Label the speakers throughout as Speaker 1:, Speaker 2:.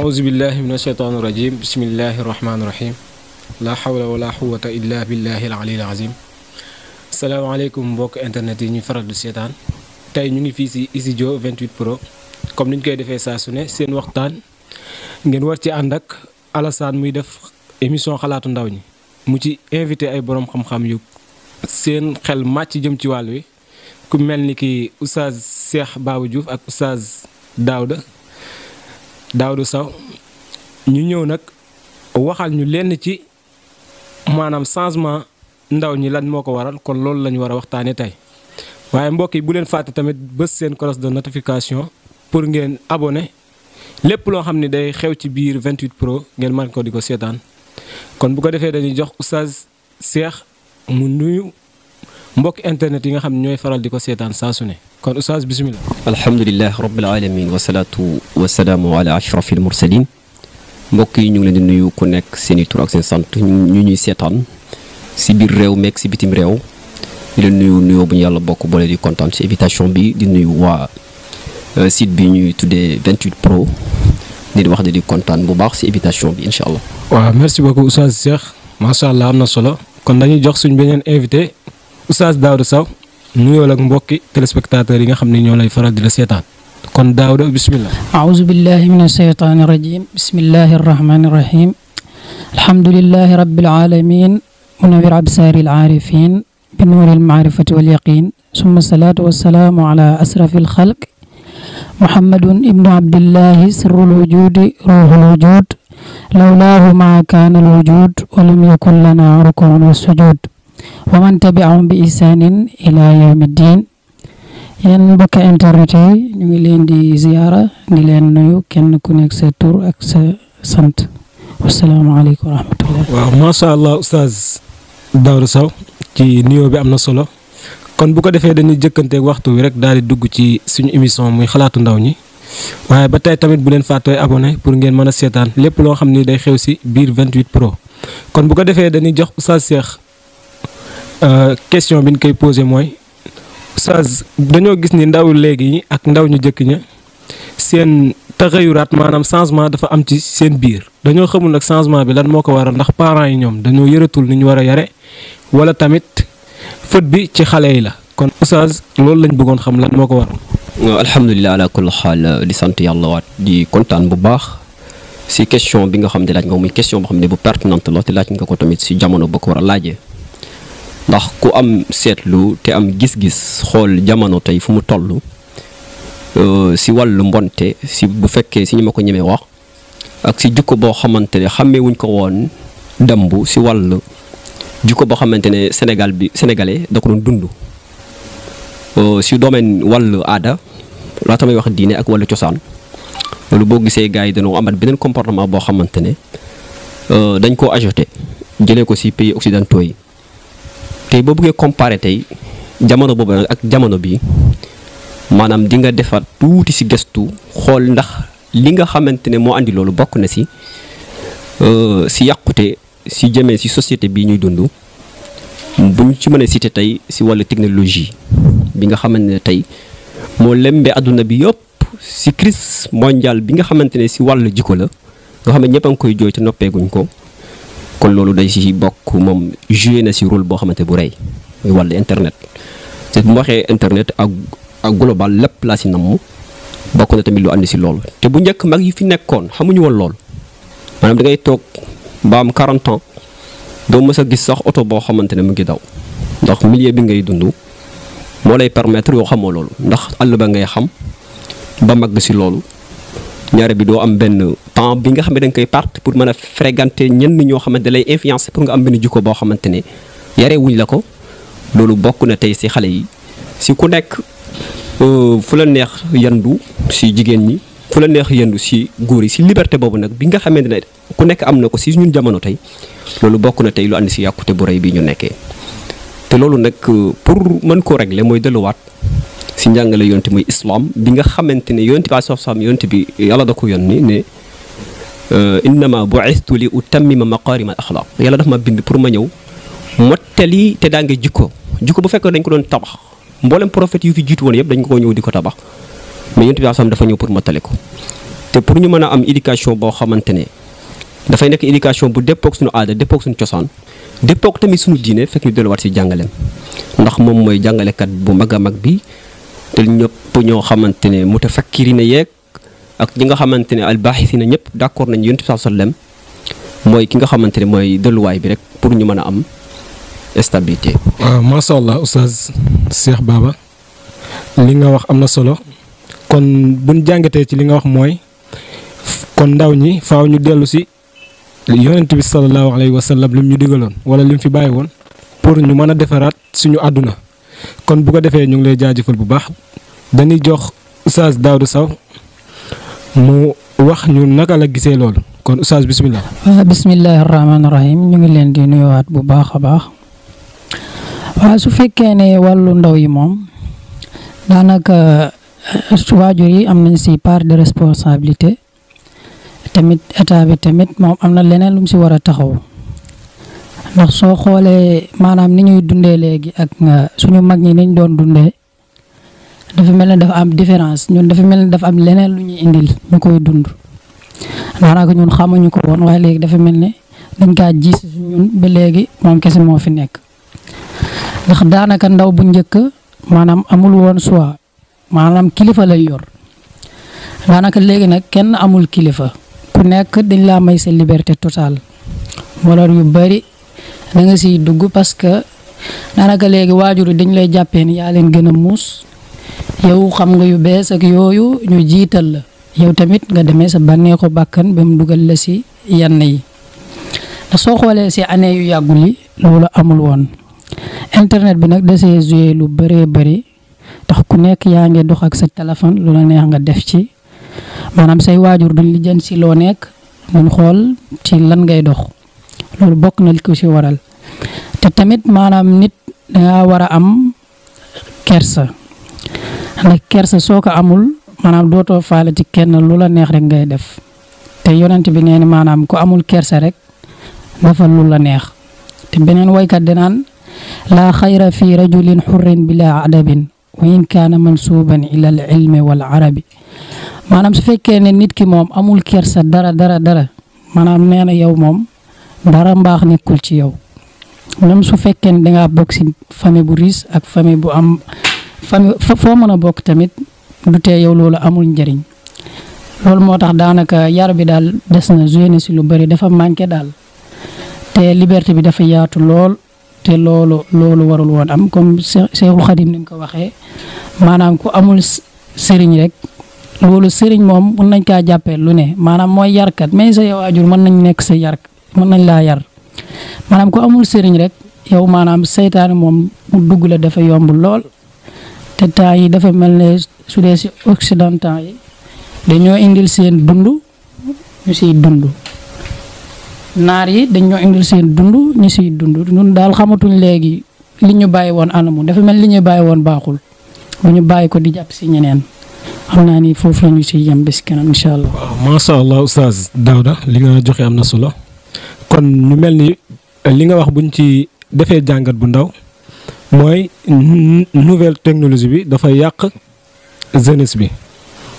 Speaker 1: أعوذ بالله من الشيطان الرجيم بسم الله الرحمن الرحيم لا حول ولا قوة إلا بالله العلي العظيم salaamaaleykum mbokk internet yi ñu faral di seetaan tey ñu ngi fii si Izidio 28 Pro comme ni ñu koy defee saa sune seen waxtaan ngeen war ci ànd ak Alassane muy def émission xalaatu ndaw ñi mu ci invité ay boroom xam-xam yu seen xel màcc jëm ci wàll wi ku mel ni ki oustaz Cheikh Babou Diouf ak oustaz daawda Daawdu saw ñu ñëw nag waxal ñu lenn ci maanaam changement ndaw ñi lan moo ko waral kon loolu la ñu war a waxtaanee tey waaye mbokk yi bu leen fàtte tamit bës seen cloche de notification pour ngeen abonné lépp loo xam ne day xew ci biir vingt 28 pro ngeen mën ko di ko seetaan kon bu ko defee dañuy jox oustaz Cheikh mu nuyu mbokk internet yi nga xam ne ñooy faral di ko seetaan saa su ne kon oustaz bisimilah.
Speaker 2: alhamdulilah rabbil alamin wasalaatu wasalaamu ala ashrafil yi ñu ngi leen di ku nekk seeni tur sant ñu ñuy seetaan si biir réew meeg si bitim réew di nuyoo bu ñu bokk boole di si invitation bi di nuyu waa euh, bi ñuy tuddee 28 pro di wax di kontaan bu baax si invitation bi incha allah.
Speaker 1: waaw solo kon dañuy jox suñ beneen invité. Oustaz Daouda Sow nuyoo ak mbokki téléspectateurs yi nga xam ne ñoo lay faral di la seetaan kon Daouda bismillah
Speaker 3: a'uuzu billahi min asheytaani rajim bismillahi arrahmani irrahim alhamdulilahi rabbil alamin munawir absaari alaarifin bi nuuri almaarifati walyaqin summa salaatu wassalaamu ala asrafi alxalq muhammadun ibnu abdillahi sirrul wujudi ruuxul wujud lawlaahu maa kaana alwujud wa lam yakun lana rukun wa sujud wa man tabi'ahum bi ihsanin ila yawmi diin yéen mbokk internet yi ñu ngi leen di ziyaara di leen nuyu kenn ku nekk sa ak sa sant wasalaamaaleykum wa rahmatullah
Speaker 1: waaw macha allah oustaz Daouda saw ci nuyoo bi am na solo kon bu ko defee dañuy jëkkanteek waxtu wi rek daal di dugg ci suñu émission muy xalaatu ndaw ñi waaye ba tey tamit bu leen fàttee abonné pour ngeen mën a seetaan lépp loo xam ni day xew si biir 28 pro kon bu ko defee dañuy jox oustaz Cheikh Euh, question bi ñu koy posé mooy Oustaz dañoo gis ni ndaw léegi yi ak ndaw ñu jëkk ña seen taxayuraat maanaam changement dafa am ci seen biir dañoo xamul nag changement bi lan moo ko waral ndax parent yi ñoom dañoo yëratul ni ñu war a yare wala tamit fët bi ci xale yi la kon Oustaz loolu lañ bëggoon xam lan moo ko waral.
Speaker 2: alhamdulilah ala kulli xaal euh, di sant yàlla waat di kontaan bu baax. si question bi nga xam ne laaj nga muy question boo xam ne bu pertinente si jamono ba ko a laajee ndax ku am seetlu te am gis-gis xool jamono tey fu mu toll euh, si wàllu mbonte si bu fekkee si ñu ma ko ñemee wax ak si jukko boo xamante ne xàmmee wuñ ko woon dembu si wàll jukko boo xamante ne Sénégal bi sénégalais da doon dund euh, si domaine wàllu aada laa tamay wax diine ak wàllu cosaan loolu boo gisee gars yi dañoo amat beneen comportement boo xamante ne euh, dañ koo ajouté jëlee ko si pays occidentaux yi tey boo bëggee comparé tey jamono boobu nag ak jamono bi maanaam di nga defar tuuti si gestu xool ndax li nga xamante ne moo indi loolu bokk na si si euh, yàqute si jëmee si société bii ñuy dund buñ ci mën a cité tey si wàll technologie bi nga xamante ne tey moo lembee àdduna bi yëpp si crise mondiale bi nga xamante ne si wàllu jikko la nga xam ne ñëpp a ngi koy jooy te noppeeguñ ko kon loolu day si bokk moom joué na si rôle boo xamante bu rey muy wàllu internet te mu waxee internet ak ak global lépp laa si namm bokk na tamit lu ànd si loolu te bu njëkk mag yi fi nekkoon xamuñu woon loolu maanaam da ngay toog ba am 40 ans doo mës a gis sax oto boo xamante ne mu ngi daw ndax milieu bi ngay dund moo lay permettre yoo xamoo loolu ndax àll ba ngay xam ba mag si loolu. ñaare bi doo am benn temps bi nga xam ne koy part pour mën a fréquenter ñenn ñoo xamante lay influencer pour nga am benn jikko boo xamante ne yaree wuñ la ko loolu bokk na tey si xale yi si ku nekk euh, fu la neex yandu si jigéen ñi fu neex yendu si góor yi si liberté boobu nag bi nga xamante ne ku nekk am na ko si ñun jamono tey loolu bokk na tey lu andi si yàkkute bu rëy bi ñu nekkee te loolu nag euh, pour mën koo régler mooy delluwaat si njàngale yonent muy islam bi nga xamante ne yonent bi alayhi salaam yonent bi yàlla da ko yónni ne euh, innama bu'istu li utammima maqaarima al axlaaq yàlla dafa ma bind pour ma ñëw mottali te daa ngi jikko jikko bu fekkoon dañ ko doon tabax mboolem prophète yu fi jiitu woon yëpp dañ ko ñëw di ko tabax mais yonent bi alayhi dafa ñëw pour mottali ko te pour ñu mën a am éducation boo xamante ne dafay nekk éducation bu déppoog suñu aada déppoog suñu cosaan déppoog tamit suñu diine fekk ñu delluwaat si jàngaleem ndax moom mooy jàngalekat bu mag a mag bi te ñëpp ñoo xamante ne mutafakkirina yeeg ak ñi nga xamante ne albaaxisina ñëpp d'accord nañ yonent bi sallam mooy ki nga xamante ne mooy delluwaay bi rek pour ñu mën a am stabilité.
Speaker 1: waaw macha allah oustaz Cheikh li nga wax am na solo kon buñ jàngatee ci li nga wax mooy kon ndaw ñi faaw ñu dellu si yonent bi sallallahu alayhi wa sallam lim ñu digaloon wala lim fi bàyyi woon pour ñu mën a defaraat suñu àdduna. kon bu ko defee ñu ngi lay jaajëfal bu baax dañuy jox Oustaz Daouda Sow mu wax ñu naka la gisee loolu kon Oustaz bisimilah.
Speaker 3: waaw bisimilah rahmaani rahim ñu ngi leen di nuyuwaat bu baax a baax waaw su fekkee ne wàllu ndaw yi moom daanaka waajur yi am nañ si part de responsabilité tamit état tamit moom am na leneen lu mu si war a taxaw. ndax soo xoolee maanaam ni ñuy dundee léegi ak euh, suñu mag ñi niñ doon dundee dafa mel ne dafa am différence ñun dafa mel ne dafa am leneen lu ñuy indil ñu koy dund daanaka ñun xamuñu ko woon waaye léegi dafa mel ne dañ kaa gis ñun ba léegi moom kese moo fi nekk ndax daanaka ndaw bu njëkk maanaam amul woon soi maanaam kilifa lay yor daanaka léegi nag kenn amul kilifa ku nekk dañ laa may sa liberté totale wala yu bari da nga siy dugg parce que daanaka léegi waajur yi dañ lay jàppee ni yaa leen gën a muus yow xam nga yu bees ak yooyu ñu jiital la yow tamit nga demee sa bànneexu bàkkan ba mu dugal la si yenn yi ndax soo xoolee si année yu yàggul yi loolu amul woon internet bi nag da see lu bëree bëri tax ku nekk yaa ngi dox ak sa téléphone lu la neex nga def ci maanaam say waajur duñ jën si loo nekk duñ xool ci lan ngay dox loolu bokk na li ko ci waral te tamit maanaam nit danga war a am kersa ndax kersa soo ko amul maanaam dootoo faale ci kenn lu la neex rek ngay def te yonent bi nee na maanaam ko amul kersa rek dafa lu neex te beneen waykat dinaan laa xayra fi rajulin xurrin bila adabin wa in kaana mansuuban ila al ilmi arabi maanaam su fekkee ne nit ki moom amul kersa dara dara dara maanaam nee na yow moom dara mbaax nekkul ci yow même su fekkee ne dangaa bokk si famille bu riis ak famille bu am famille foo mën a bokk tamit du tee yow loolu amul njariñ loolu moo tax daanaka yar bi daal des na joué na si lu bari dafa manqué daal te liberté bi dafa yaatu lool te loolu loolu warul woon am comme Seexul Xadim ni mu ko waxee maanaam ku amul sëriñ rek loolu sëriñ moom mun nañ kaa jàppee lu ne maanaam mooy yarkat mais sa yow ajur mën nañ nekk se yarkat mën nañ laa yar maanaam ko amul sëriñ rek yow maanaam seytaane moom mu dugg la dafa yomb lool te temps yi dafa mel ne su dee si occidental yi dañoo indil seen dund ñu siy naar yi dañoo indil seen dund ñu siy dundu ñun daal xamatuñ léegi li ñu bàyyi woon anamu dafa mel li ñu bàyyi woon baaxul ba ñu bàyyi ko di jàpp si ñeneen xam naa ni foofu la si siy yem bis kanam incha allah. waaw
Speaker 1: macha li nga joxe am na solo. kon ñu mel ni euh, li nga wax buñ ci defee jàngat bu ndaw mooy nouvelle technologie bi dafay yàq jeunesse bi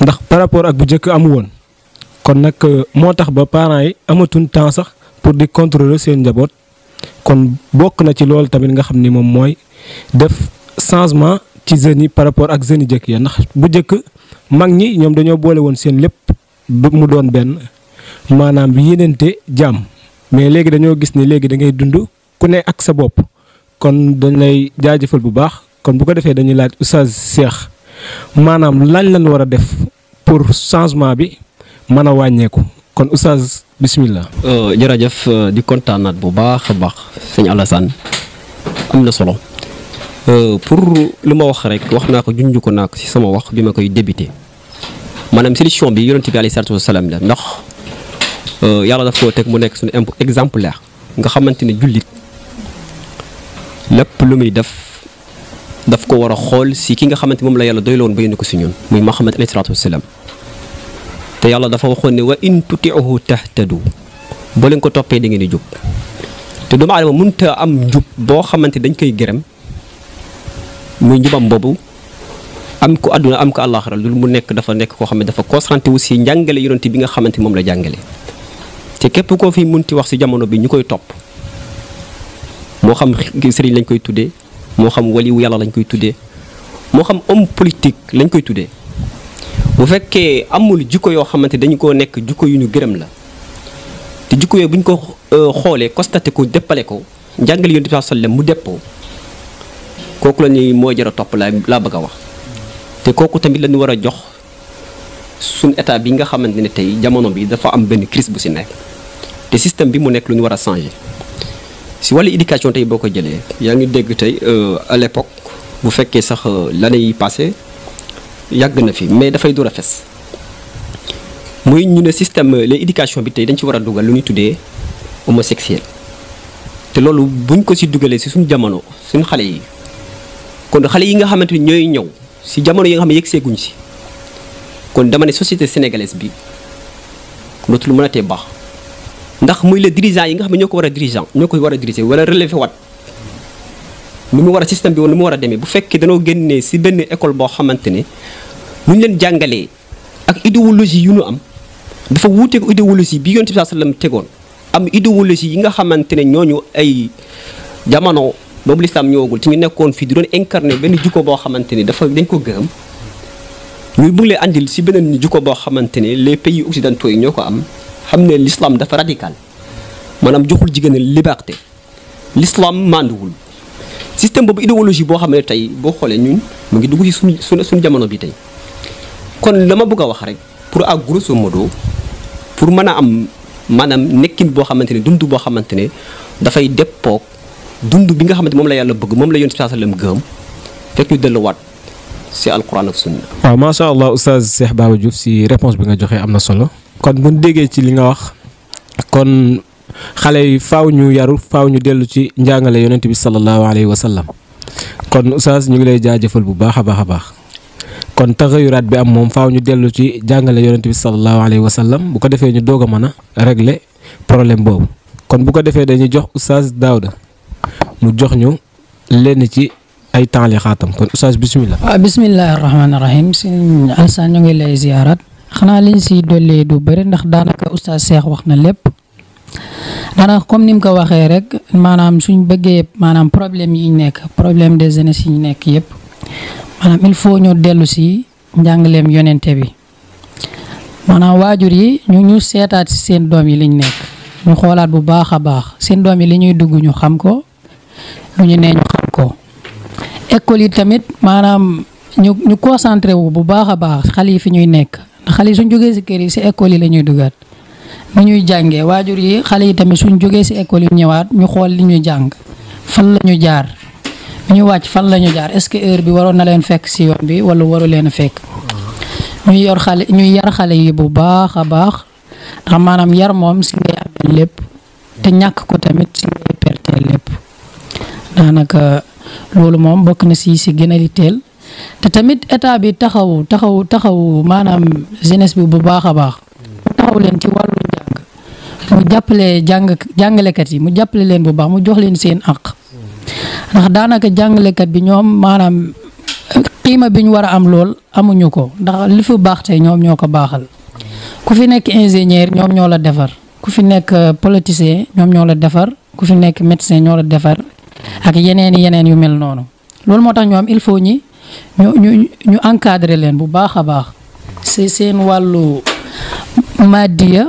Speaker 1: ndax par rapport ak bu njëkk amu woon kon nag euh, moo tax ba parent yi amatuñ temps sax pour di contrôler seen njaboot kon bokk na ci loolu tamit nga xam ni moom mooy def changement ci jeunes yi par rapport ak jeunes yi jëkk ya ndax bu njëkk mag ñi ñoom dañoo boole woon seen lépp mu doon benn maanaam yenente jàmm mais léegi dañoo gis ni léegi da ngay dund ku ne ak sa bopp kon dañ lay jaajëfal bu baax kon bu ko defee dañuy laaj oustaz Cheikh maanaam lañ lañ war a def pour changement bi mën a wàññeeku kon oustaz bismillah.
Speaker 2: Euh, jërëjëf euh, di kontaanaat bu baax a baax sëñ Alassane am na solo euh, pour lu ma wax rek wax naa ko junj ko naa ko ci sama wax bi ma koy débuté maanaam solution bi yonent bi alayhi salaatu wasalaam la ndax. Euh, yàlla dafa koo teg mu nekk suñu exemplaire nga xamante ne jullit lépp lu muy def daf ko war a xool si ki nga xamante moom la yàlla doyloon ba yónni ko si ñun muy Muhammad alayhi salaatu wasalaam te yàlla dafa waxoon ne wa in tutiuhu tahtadu boo leen ko toppee da ngeen di jub te doomu aadama mënta am njub boo xamante dañ koy gërëm muy njubam boobu am ko àdduna am ko àllaaxira lu mu nekk dafa nekk koo xam ne dafa concentré wu si njàngale yonent bi nga xamante moom la jàngale te képp koo fi mun munti wax ci jamono bi ñu koy topp moo xam sëriñ lañ koy tuddee moo xam waliwu yàlla lañ koy tuddee moo xam homme politique lañ koy tuddee bu fekkee amul jikko yoo xamante dañu ko nekk jikko yu ñu gërëm la te jikko yooyu bu ñu ko euh, xoolee constaté ko déppale ko njàngale yonent bi sallam mu deppoo kooku la moo jar a topp laa bëgg a wax te kooku tamit lañu war a jox suñ état bi nga xamante ne tey jamono bi dafa am benn crise bu si nekk te système bi mu nekk lu ñu war a changer si wàllu éducation tey boo ko jëlee yaa ngi dégg tey euh, à l'époque bu fekkee sax euh, l'année yi passée yàgg na fi mais dafay door a fes muy ñu ne système l'éducation bi tey dañ ci war a dugal lu ñuy tuddee homosexuel te loolu buñ ko si dugalee si suñu jamono suñ xale yi kon xale yi nga xamante ni ñooy ñëw si jamono yi nga xam ne yegg seeguñ si kon dama ne société sénégalaise bi dootul mën a baax ndax muy le dirigeant yi nga xam ne ñoo ko war a dirigeant ñoo ko war a diriger wala relevé wat lu mu war a système bi woon lu mu war a demee bu fekkee danoo génnee si benn école boo xamante ne lu ñu leen jàngalee ak idéologie yu ñu am dafa wuuteeg idéologie bi yonent bi sallam tegoon am idéologie yi nga xamante ne ñu ay jamono boobu lislaam ñëwagul ci ñu nekkoon fii di doon incarné benn jikko boo xamante ne dafa dañ ko gëm ñu bëgg leen si beneen jikko boo xamante ne les pays occidentaux yi ñoo ko am xam ne l'islam dafa radical maanaam joxul jigéen liberté l'islam mànduwul système boobu idéologie boo xam ne tey boo xoolee ñun mu ngi dugg ci suñu suñu jamono bi tey kon la ma bëgg a wax rek pour ak grosso modo pour mën a am maanaam nekkin boo xamante ne dund boo xamante ne dafay pook dund bi nga xamante moom la yàlla bëgg moom la yonent bi sallam gëm fekk ñu si alquran ak sunna
Speaker 1: waaw macha allah oustaz Cheikh si réponse bi nga joxee am na solo. kon buñ déggee ci li nga wax kon xale yi faw ñu yaru faw ñu dellu ci njàngale yonent bi sallallahu alayhi wa sallam kon oustaz ñu ngi lay jaajëfal bu baax a baax a baax kon taxayuraat bi am moom faw ñu dellu ci jàngale yonent bi sallallahu alayhi wa sallam bu ko defee ñu doog a mën a régler problème boobu kon bu ko defee dañuy jox oustaz daawda mu jox ñu lenn ci ay temps li xaatam kon oustaz bismillah.
Speaker 3: waaw bismillahir ñu ngi lay ziyaaraat. xanaa liñ si dolli du bëri ndax daanaka oustaz Cheikh wax na lépp daanaka comme ni mu ko waxee rek maanaam suñ bëggee maanaam problème yiñ nekk problème des jeunesse yi ñu nekk yëpp maanaam il faut ñu dellu si njàngaleem yonente bi maanaam waajur yi ñu ñu seetaat si seen doom yi liñ nekk ñu xoolaat bu baax a baax seen doom yi li ñuy dugg ñu xam ko lu ñu nee ñu xam ko école yi tamit maanaam ñu ñu concentré wu bu baax a baax xale yi fi ñuy nekk. xale yi suñ jógee si kër yi si école yi la ñuy dugaat ni ñuy jàngee waajur yi xale yi tamit suñ jógee si école yi ñëwaat ñu xool li ñuy jàng fan la ñu jaar ñu wàcc fan la ñu jaar est-ce que heure bi waroon na leen fekk si yoon bi wala waru leen a fekk ñuy yor yar xale yi bu baax a baax ndax maanaam yar moom si ngay amee lépp te ñàkk ko tamit si ngay perte lépp daanaka loolu moom bokk na si si gën a teel te tamit état bi taxaw taxaw taxaw maanaam jeunesse bi bu baax a baax taxaw leen ci wàllu njàng mu jàppale jàng jàngalekat yi mu jàppale leen bu baax mu jox leen seen àq ndax daanaka jàngalekat bi ñoom maanaam xiima bi ñu war a am lool amuñu ko ndax li fu baax tey ñoom ñoo ko baaxal ku fi nekk ingénieur ñoom ñoo la defar ku fi nekk politicien ñoom ñoo la defar ku fi nekk médecin ñoo la defar ak yeneen yeneen yu mel noonu loolu moo tax ñoom il faut ñi ñu ñu ñu encadrer leen bu baax a baax si seen wàllu madiya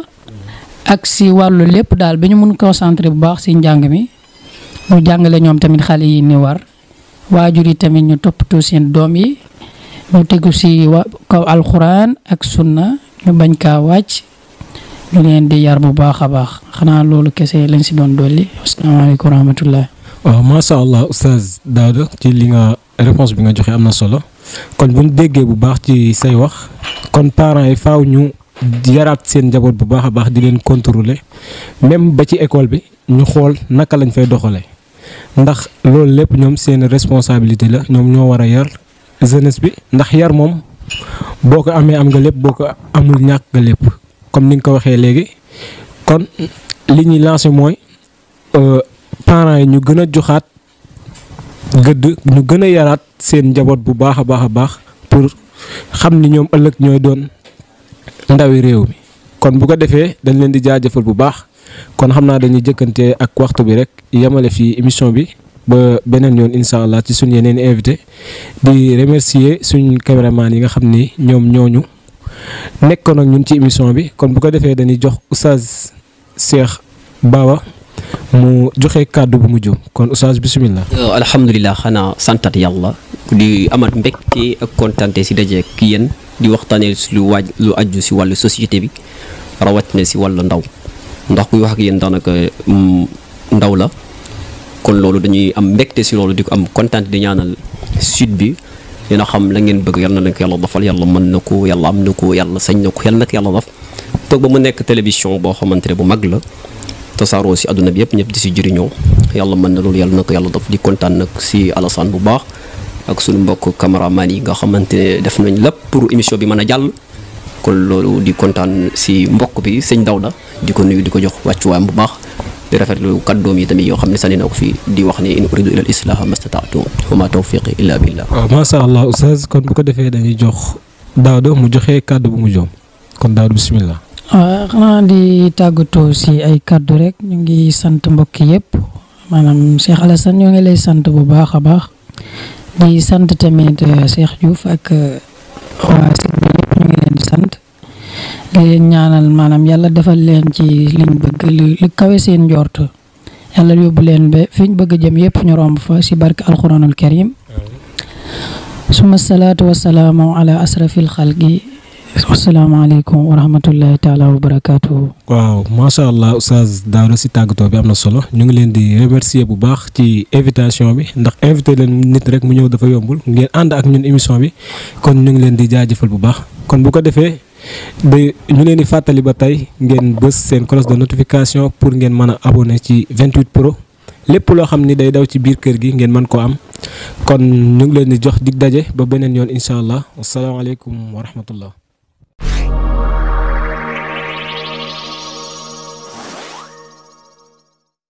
Speaker 3: ak si wàllu lépp daal ba ñu mun concentrer bu baax si njàng mi ñu jàngale ñoom tamit xale yi ni war waajur yi tamit ñu toppatoo seen doom yi ñu tegu si wa kaw alxuraan ak sunna ñu bañ kaa wàcc ñu leen di yar bu baax a baax xanaa loolu kese lañ si doon dolli asalaamaaleykum wa rahmatullah
Speaker 1: waaw oh, macha allah oustaz Daouda ci li nga réponse bi nga joxe am na solo kon bu ñu déggee bu baax ci say wax kon parents yi faaw ñu yaraat seen njaboot bu baax a baax di leen contrôler même ba ci école bi ñu xool naka lañ fay doxalee ndax loolu lépp ñoom seen responsabilité la ñoom ñoo war a yar jeunesse bi ndax yar moom boo ko amee am nga lépp boo ko amul ñàkk nga lépp comme ni nga ko waxee léegi kon li ñuy lancé mooy euh, parents yi ñu gën a joxaat gëdd ñu gën a yaraat seen njaboot bu baax a baax a baax pour xam ni ñoom ëllëg ñooy doon ndawi réew mi kon bu ko defee dañ leen di jaajëfal bu baax kon xam naa dañuy jëkkante ak waxtu bi rek yemale fii émission bi ba beneen yoon incha allah ci suñ yeneen invité di remercier suñ caméraman yi nga xam ni ñoom ñooñu nekkoon ak ñun ci émission bi kon bu ko defee dañuy jox aussage Cheikh Baba mu joxe kàddu bu mujj kon oustaz bisimilah.
Speaker 2: Euh, alhamdulilah xanaa santat yàlla di amat mbégte ak kontante si daje ki yéen di waxtaanee si lu waaj lu ajju si wàllu société bi rawatina si wàllu ndaw ndax kuy wax ak yéen daanaka mm, ndaw la kon loolu dañuy am mbégte si loolu di ko am kontante di ñaanal sud bi. dina xam la ngeen bëgg yal na leen ko yàlla dofal yàlla mën na ko yàlla am na ko yàlla sañ na ko yàlla nag ko yàlla dof toog ba mu nekk télévision boo xamante ne bu mag la tasaaroo si àdduna bi yëpp ñëpp di si jëriñoo yàlla mën na loolu yàlla na yàlla daf di kontaan nag si Alassane bu baax ak suñu mbokk cameraman yi nga xamante ne def nañ la pour émission bi mën a jàll kon loolu di kontaan si mbokk bi sëñ Dawda di ko nuyu di ko jox wàccuwaayam bu baax di rafetlu kàddoom yi tamit yoo xam ne sànni na ko fii di wax ni in uridu ila al islaha mastataatu wa ma tawfiqi illa billah
Speaker 1: waaw macha allah oustaz kon bu ko defee dañuy jox Dawda mu waaw euh,
Speaker 3: di tàggatoo si ay kàddu rek ñu ngi sant mbokk yëpp maanaam Cheikh Alassane ñoo ngi lay sant bu baax a baax ngi sant tamit euh, Cheikh Diouf ak euh, waa site bi yëpp ñu ngi leen sant leen ñaanal maanaam yàlla defal leen ci liñ bëgg li kawe seen njort yàlla yóbbu leen ba fiñ ñu bëgg jëm yëpp ñu romb fa si barke alquranul karim suma salaatu wasalaamu ala asrafil xalqi asalaamaaleykum wa rahmatullahi taala wa
Speaker 1: waaw macha allah oustaz Daouda si tàggatoo bi am na solo ñu ngi leen di remercier bu baax ci invitation bi ndax invité leen nit rek mu ñëw dafa yombul ngeen ànd ak ñun émission bi kon ñu ngi leen di jaajëfal bu baax kon bu ko defee de ñu leen di fàttali ba tey ngeen bës seen cloche de notification pour ngeen mën a abonné ci 28 pro lépp loo xam ni day daw ci biir kër gi ngeen man ko am kon ñu ngi leen di jox dig daje ba beneen yoon incha allah asalaamaaleykum wa rahmatullah